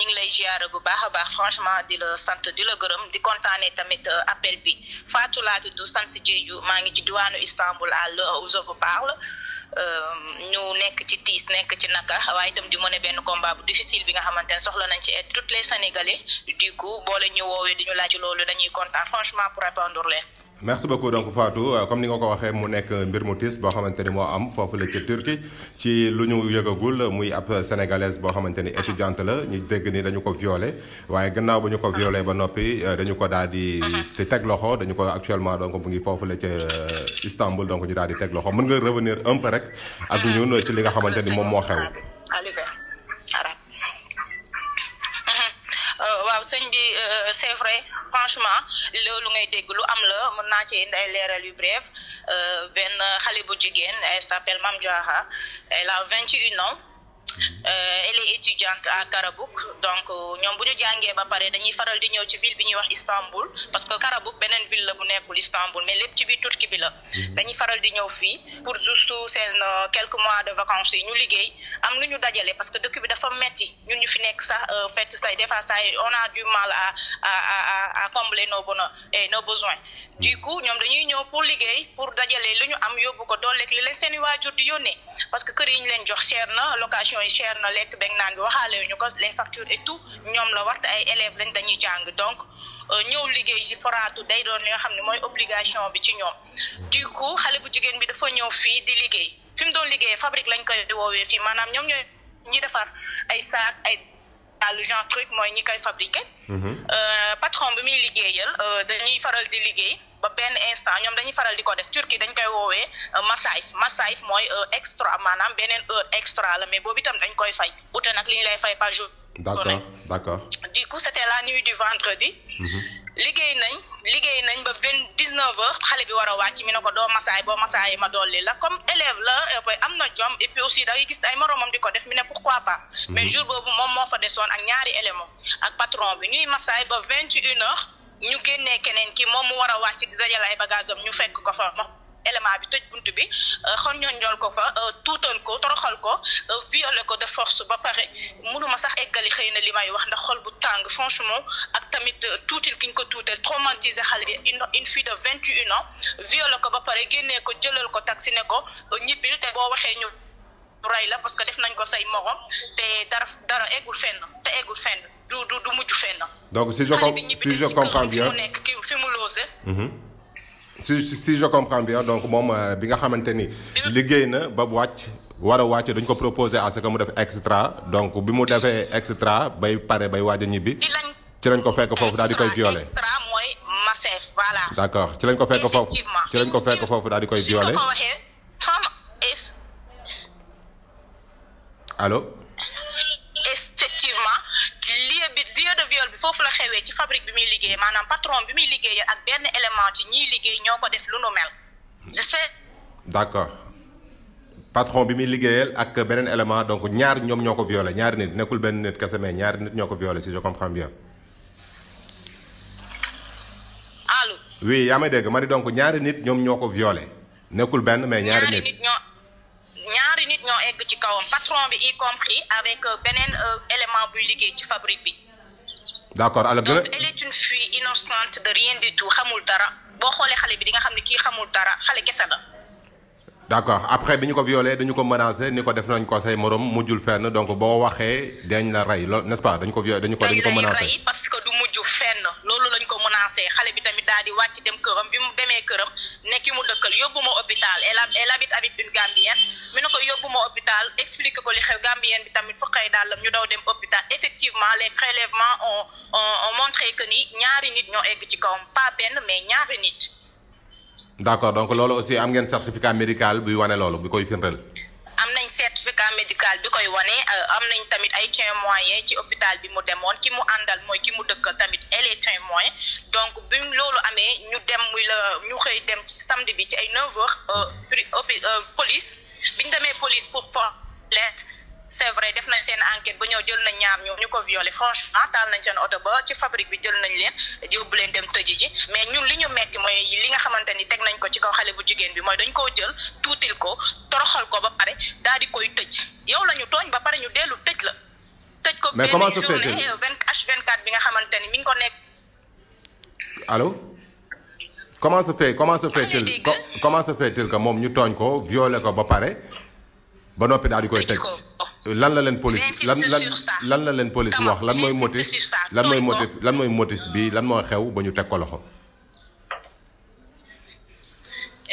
ñu ngi lay ziar bu baax a baax franchement di la sant di la gërëm di kontaanee tamit euh, appel bi Fatou laa tudd sant Diédhiou maa ngi ci diwaanu Istanbul à l'heure bu je vous parle euh, ñu nekk ci tiis nekk ci naka waaye dem di mën a benn combat bu difficile bi nga xamante ne soxla nañ ci aide toutes les Sénégalais du coup boole ñu woowee di ñu laaj loolu dañuy kontaan franchement pour répondre leen. merci beaucoup donc Fatou euh, comme ni nga ko waxee mu nekk mbir mu tiis boo xamante ni moo am foofu la ci Turquie ci lu ñu yëgagul muy ab sénégalaise boo xamante ni étudiante la ñu dégg ni dañu ko violé waaye gannaaw bu ñu ko violé ba noppi euh, dañu ko daal di te teg loxo dañu ko actuellement donc mu ngi foofu la ca euh, Istanbul donc ñu daal di teg loxo mën nga revenir un rek ak ñun ci li nga xamante ni moom moo xew. Euh, c'est vrai franchement loolu ngay déglu lu am la mën naa ci indi ay leeral yu bref euh, benn xale bu jigéen elle s'appelle Mame Diarra elle a vingt et un ans Mhm. Euh, elle est étudiante à Karabuk donc ñoom bu ñu jàngee ba pare dañuy faral di ñëw ci ville bi ñuy wax Istanbul parce que Karabuk beneen ville la bu nekkul Istanbul mais lépp ci biir Turquie bi la mhm. dañuy faral di ñëw fii pour juste seen euh, quelques mois de vacances yi ñu liggéey am lu ñu dajale parce que dëkk bi dafa metti ñun ñu fi nekk sax euh, fait say des fois say on a du mal à à à combler nos bonheurs et eh, nos mhm. ñoom dañuy ñëw pour liggéey pour dajale lu ñu am yóbbu ko dooleeg li leen seen di yónnee parce que kër yi ñu leen jox location cher na lekk beeg naan bi waxaale ñu ko les factures et tout ñoom la waxte ay élèves lañ dañuy jàng donc euh, ñëw liggéey ci foraatu day doon li nga xam ne mooy obligation bi ci ñoom du coup xale bu jigéen bi dafa ñëw fii di liggéey fi mu doon liggéeyee fabrique lañ koy woowee fii maanaam ñoom ñooy ñuy defar ay saak ay daal genre truc mooy ñi koy fabriqué. Mhm. Euh, patron bi muy liggéeyal euh, dañuy faral di liggéey ba benn instant ñoom dañuy faral di ko def turki dañ koy woowee euh, masayif masayif mooy extra maanaam beneen heure extra la mais boobu itam dañ koy fay ute nag li ñu lay fay par jour. d'accord du coup c'était la nuit du vendredi. Mhm. liggéey nañ liggéey nañ ba vingt dix neuf xale bi war a wàcc mi ne ko doo masaay boo masaay ma dolli la comme élève la eh ba am na jom et puis aussi gis ay moromam di ko def mi ne pourquoi pas. Mhm. mais jour boobu moom moo fa desoon ak ñaari élément ak patron bi ñuy masaay ba vingt une heures ñu génnee keneen ki moom mu war a wàcc di dajale ay bagages ñu fekk ko fa. élément bi tëj bunt bi euh, xon ñoo ñool ko fa euh, tuutal ko toroxal ko euh, violé ko de force ba pare mënuma sax eggali xëy na li may wax ndax xol bu tàng franchement ak tamit tuutil kiñ ko tuutal traumatisé xale bi une fille de vingt et un ans viole ko ba pare génnee ko jëlal ko taxi ne ko ñibbil te boo waxee ñu ray la parce que def nañ ko say morom te dara dara eggul fenn te eggul fenn du du du mujj fenn donc si je fi mu nekk ki fi mu loose mhm. si si je comprends bien donc moom euh, bi nga xamante ni liggéey na ba wàcc wara a wàcc dañ ko proposé à que mu def extra donc bi mu defee extra bay pare bay waaj a ñibbi. ci lañ ko fekk foofu daal di koy violé. d' accord ci lañ ko fekk foofu ci lañ ko fekk foofu daal di koy violé. allo. xewee ci fabrique bi muy liggéey maanaam patron bi muy liggéey ak benn élément ci ñiy liggéey ñoo ko def lu nu mel je sais. d'accord patron bi muy liggéeyal ak beneen élément donc ñaar ñoom ñoo ko violé ñaari nit nekkul benn nit kese mais ñaari nit ñoo ko violé si je comprends bien. allo. oui yaa may dégg ma donc ñaari nit ñoom ñoo ko violé nekkul benn mais ñaari nit. ñoo egg ci kawam patron bi y compris avec euh, beneen euh, élément buy liggéey ci fabrique bi. d'accord alors donc euh, elle est une innocente de rien du tout xamul dara boo xoolee xale bi di xam ne kii xamul dara xale kese la. d'accord après bi ñu ko violé dañu ko menacé ni ko def nañ ko say morom mujjul fenn donc boo waxee dañ la rey loolu n'est-ce pas dañu ko violé dañu ko dañu ko menacé. rey parce que du mujj fenn loolu lañ ko menacé xale bi tamit daal di wàcc dem këram bi demee këram nekki mu dëkkal yóbbu ma hôpital elle elle habite une Gambienne mi ne ko expliqué ko li xew Gambien bi tamit fu xëy dàllam ñu daw dem hôpital effectivement les prélèvements ont ont montré que ni ñaari nit ñoo egg ci kawam pas benn mais ñaari nit. d'accord donc loolu aussi am ngeen certificat médical buy wane loolu bi koy firndeel. am nañ certificat médical bi koy wane euh, am nañ tamit ay témoins ci hôpital bi mu demoon ki mu àndal mooy ki mu dëkkal tamit elle est témoin donc bi loolu amee ñu dem muy la ñu xëy dem ci samedi bi ci ay 9h plainte c'est vrai def nañ seen enquête ba ñëw jël nañ ñaam ñoo ñu ko violé franchement taal nañ seen oto ba ci fabrique bi jël nañ leen bu leen dem tëji ji mais ñun li ñu metti mooy li nga xamante ni teg nañ ko ci kaw xale bu jigéen bi mooy dañ koo jël tuutil ko toroxal ko ba pare daal di koy tëj yow lañu tooñ ba pare ñu dellu tëj la tëj ko benn journée H24 bi nga xamante ni mi ngi ko nekk allo comment se fait comment se fait-il comment moom ñu tooñ ko violé ko ba pare ba noppi daal di koy teg euh, lan la leen police lan lan lan la leen police wax lan mooy motif lan mooy motif lan mooy motif bi lan moo xew ba ñu teg ko loxo.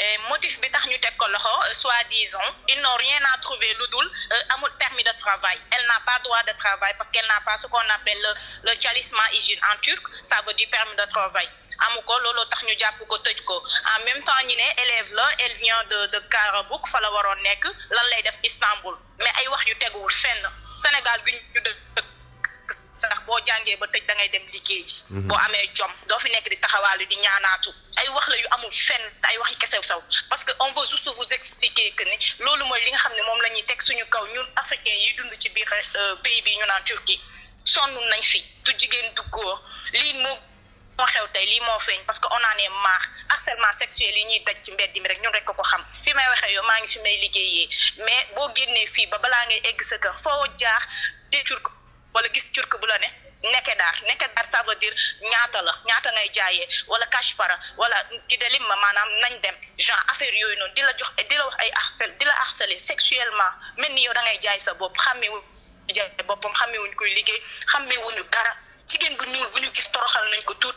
Eh, motif bi tax ñu teg ko loxo euh, soi-disant ils n'ont rien à trouver lu dul euh, amul permis de travail elle n'a pas droit de travail parce qu'elle n'a pas ce qu'on appelle le le talisman en turc ça veut dire permis de travail. amu ko looloo tax ñu jàpp ko tëj ko en même temps ñi ne élève la elle vient de de Karabakh fa la waroon nekk lan lay def Istanbul mais ay wax yu teguwul fenn Sénégal gi ñu dëkk sax boo jàngee ba tëj da ngay dem liggéey ji mhm. boo amee jom doo fi nekk di taxawaalu di ñaanaatu ay wax la yu amul fenn ay wax kese saw parce que on veut juste vous expliquer que ne loolu mooy li nga xam ne moom la ñuy teg suñu kaw ñun africains yi dund ci biir euh, pays bi ñu naan Turquie sonn nañ fi du jigéen du moo xew tey lii moo feeñ parce que on en est sexuel yi ñuy daj ci mbedd mi rek ñun rek ko xam fi may waxee yow maa ngi fi may liggéeyee mais boo génnee fii ba balaa ngay egg sa kër foo jaax de curk wala gis curk bu la ne nekke daar nekke daar sa veut dire ñaata la ñaata ngay jaayee wala cash para wala ki delim ma maanaam nañ dem genre affaire yooyu noonu di la jox di la wax ay harcèl di la harceler sexuellement mel ni yow da ngay jaay sa bopp xàmmeewuñ jaay boppam xàmmeewuñ koy liggéey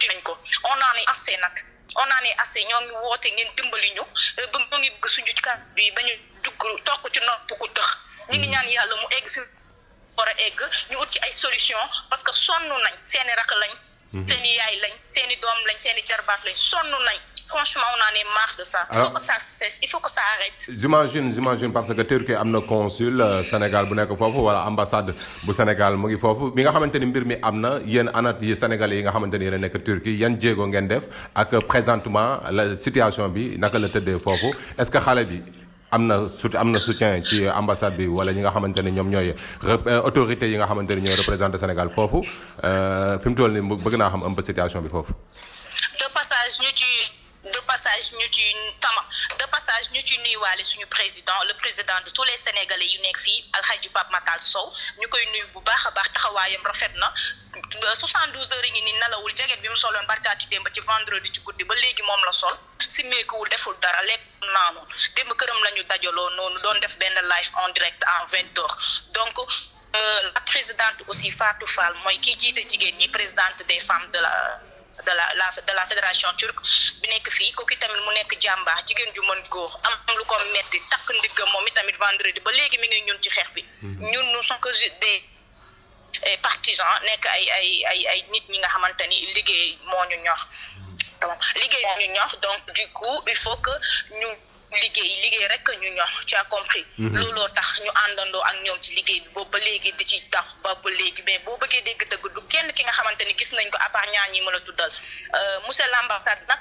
wuti nañ ko on en est nag on en est ñoo ngi woote ngeen dimbali ñu euh, ba ñoo ngi bëgg suñu kàddu yi ba ñu dugg toog ci nopp ku tëx ñu ngi ñaan yàlla mu egg si war a egg ñu ut ci ay solution parce que sonn nañ seeni rakk lañ Mhm. seen i yaay lañ seen i doom lañ seen jarbaat lañ sonn nañ franchement on en est marre il faut que ça cesse il faut que ça arrête. j'imagine j'imagine parce que Turquie am na consul euh, Sénégal bu nekk foofu wala ambassade bu Sénégal mu ngi foofu bi nga xamante ni mbir mi am na yenn anat yi Sénégalais yi nga xamante ni yéen a nekk Turquie yan jéego ngeen def ak présentement la situation bi naka la tëddee foofu est-ce que xale bi. am na su am na soutien ci ambassade bi wala ñi nga xamante ne ñoom ñooy euh, autorité yi nga xamante ne ñooy représenté Sénégal foofu euh, fi mu toll nii bëgg naa xam un peu situation bi foofu. de passage ñu ci tama de passage ñu ci nuyuwaale suñu président le président de tous les sénégalais yu nekk fii alxaji Pape Matar Sow ñu koy nuyu bu baax a baax taxawaayam rafet na 72 heures yi ngi ni nelawul jaget bi mu soloon barkaati démb ci vendredi ci guddi ba léegi moom la sol si meekuwul deful dara lekk naanul démb këram la ñu dajaloo noonu doon def benn live en direct en vingt heures donc euh, la présidente aussi Fatou Fall mooy kii jiite jigéen ñi présidente des femmes de la de la la de la fédération turque bi nekk fii kooku tamit mu nekk jàmbaar jigéen ju mën góor am lu ko metti takk ndiggam moom itamit vendredi ba léegi mi ngi ñun ci xeex bi mhm. ñun nous sommes que des partisans nekk ay ay ay ay nit ñi nga xamante ni liggéey moo ñu ñor mhm. donc liggéey moo ñu ñor donc du coup il faut que ñu liggéey liggéey rek ñu ñox tu as compris mhm. looloo tax ñu àndandoo ak ñoom ci liggéey bi boobu ba léegi di ci tax ba ba léegi mais boo bëggee dégg dëgg du kenn ki nga xamante ni gis nañ ko à part ñaar ñi ma la tuddal euh, monsieur l'ambassade nag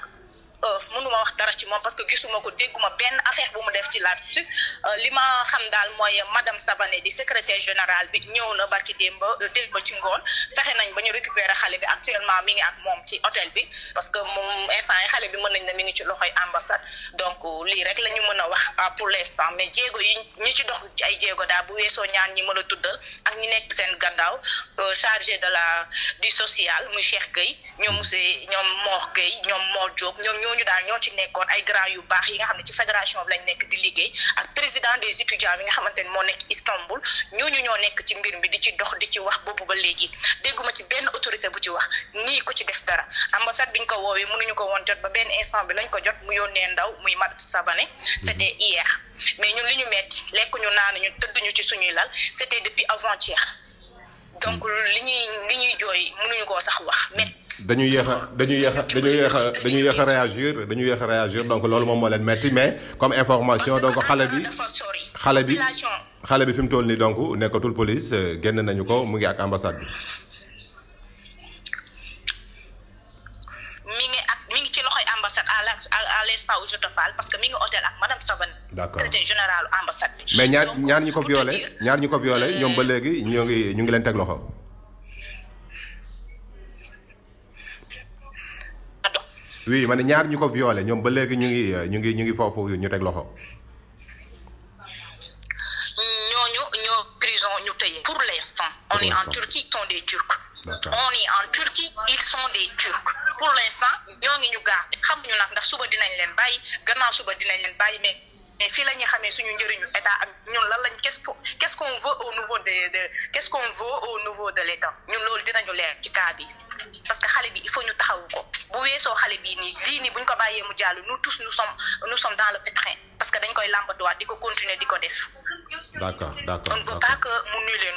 Euh, mënuma wax dara ci moom parce que gisuma ko dégguma benn affaire bu mu def ci là-dessus euh, li ma xam daal mooy madame Savané di secrétaire général bi ñëw na barki démb euh, démb ci ngoon fexe nañ ba ñu récupérer xale bi actuellement mi ngi ak moom ci hôtel bi parce que moom instant yi xale bi mën nañ ne mi ngi ci loxoy ambassade donc lii rek la ñu mën a wax pour l'instant mais jéego yi ñu ci dox ay jéego daal bu weesoo ñaan ñi mën a tuddal ak ñi nekk seen gannaaw chargé de la du social muy Cheikh Gueye ñoom monsieur ñooñu daal ñoo ci nekkoon ay grand yu baax yi nga xam ne ci fédération bi lañ nekk di liggéey ak président des étudiants bi nga xamante ne moo nekk Istanbul ñooñu ñoo nekk ci mbir mi di ci dox di ci wax boobu ba léegi dégguma ci benn autorité bu ci wax nii ku ci def dara ambassade biñ ko woowee mënuñu ko woon jot ba benn instant bi lañ ko jot mu yónnee ndaw muy mat Sabané c'était hier mais ñun li ñu metti lekk ñu naan ñu tëdduñu ci suñuy lal c'était depuis avant-hier li ñuy li ñuy jooy mënuñu koo sax wax dañu yéex a dañu yéex a dañu yéex a dañu yéex a réagir dañu yéex réagir donc loolu moom moo leen metti mais comme information donc xale bi xale bi xale bi fi mu toll nii donc nekkatul police génn nañu ko mu ngi ak ambassade bi. mi ngi ak mi ngi ambassade parce que mi ngi hôtel ak madame Savane. d'accord mais ñaar ñaar ñi ko violé ñaar ñi ko violé ñoom ba euh, léegi ñoo ngi ñu ngi leen teg loxo. oui ma ne ñaar ñu ko violé ñoom ba léegi ñu ngi ñu ngi ñu ngi foofu ñu teg loxo. ñooñu ñoo prison ñu tëye pour l'instant on est en Turquie ils sont des Turcs. on est en Turquie ils sont des Turcs pour l'instant ñoo ngi ñu gaar xamuñu nag ndax suba dinañ leen bàyyi gannaaw suba dinañ leen bàyyi mais. fii la ñuy xamee suñu njëriñu état ak ñun lan lañ qu'est-ce que qu'est-ce qu'on veut au niveau de de qu'est-ce qu'on veut au niveau de l'état ñun loolu dinañu leer ci cas bi. parce que xale bi il faut ñu taxawu ko bu weesoo xale bii nii buñ ko bàyyee mu jàll nous tous nous sommes nous sommes dans le pétrin parce que dañ koy làmbatuwaat di ko continuer di ko def. d'accord on ne veut pas que mu nulee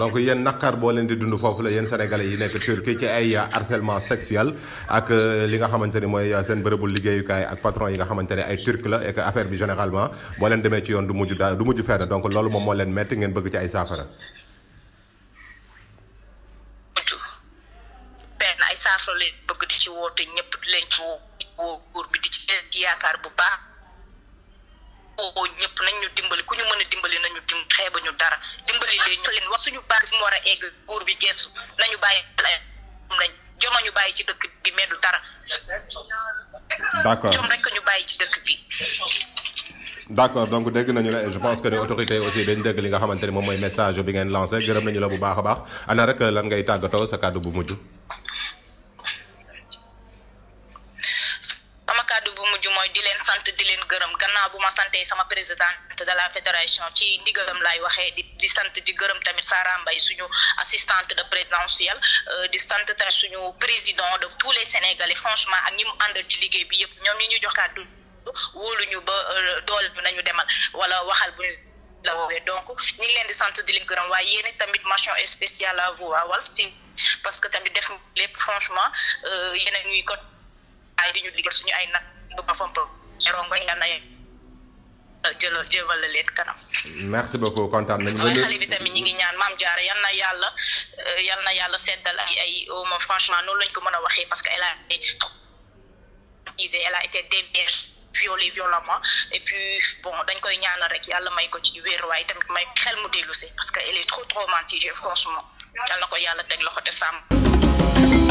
donc yéen naqar boo leen di dund foofu la yéen sénégalais yi nekk Turquie ci ay harcèlement sexuel ak euh, li nga xamante ni mooy seen bërëbu liggéeyukaay ak patron yi nga xamante ne ay turc la et que affaire bi généralement boo leen demee ci yoon du mujj daa du mujj fenn donc loolu moom leen metti ngeen bëgg ci ay saafara. saa soo leen bëgg di ci woote ñëpp di leen ci woo góor bi di ci leen yaakaar bu baax oo ñëpp nañ dimbali ku ñu mën a dimbali nañu dim xeeba ñu dara dimbali leen ñu a ñu bàyyi ci dëkk bi mais dara d'accord jom rek ñu bàyyi ci dëkk bi d' donc dégg nañu la je pense que les aussi dañ dégg li nga xamante ne moom mooy message bi ngeen lancé gërëm nañu la bu baax a baax ana rek lan ngay tàggatoo sa kàddu bu mujj santé sama présidente de la fédération ci ndigalam laay waxee di di sant di gërëm tamit Sara mbay suñu assistante de présidentielle euh, di sant tamit suñu président de tous les Sénégalais franchement ak ñi mu àndal ci liggéey bi yëpp ñoom ñi ñu jox kàddu wóoluñu ba euh, doole bi nañu demal wala waxal bu la woowee donc ñu ngi leen di sant di leen gërëm waaye yéen tamit mention spéciale à vous waa Walf parce que tamit def lépp franchement euh, yéen a ñuy ko ay suñu ay nag ba ma fomp ci rongo na jëla jëmale leen kanam. merci beaucoup kontaan bi tamit ñi ngi ñaan maam Diarra yal na yàlla euh, yal na yàlla seddal ay ay moom franchement noonu lañ ko mën a waxee parce que elle a été elle a été déberge violée violemment et puis bon dañ koy ñaanal rek yàlla may ko ci wér waaye tamit may xel mu dellu parce que elle est trop traumatisée franchement yal na ko yàlla teg loxo te sàmm.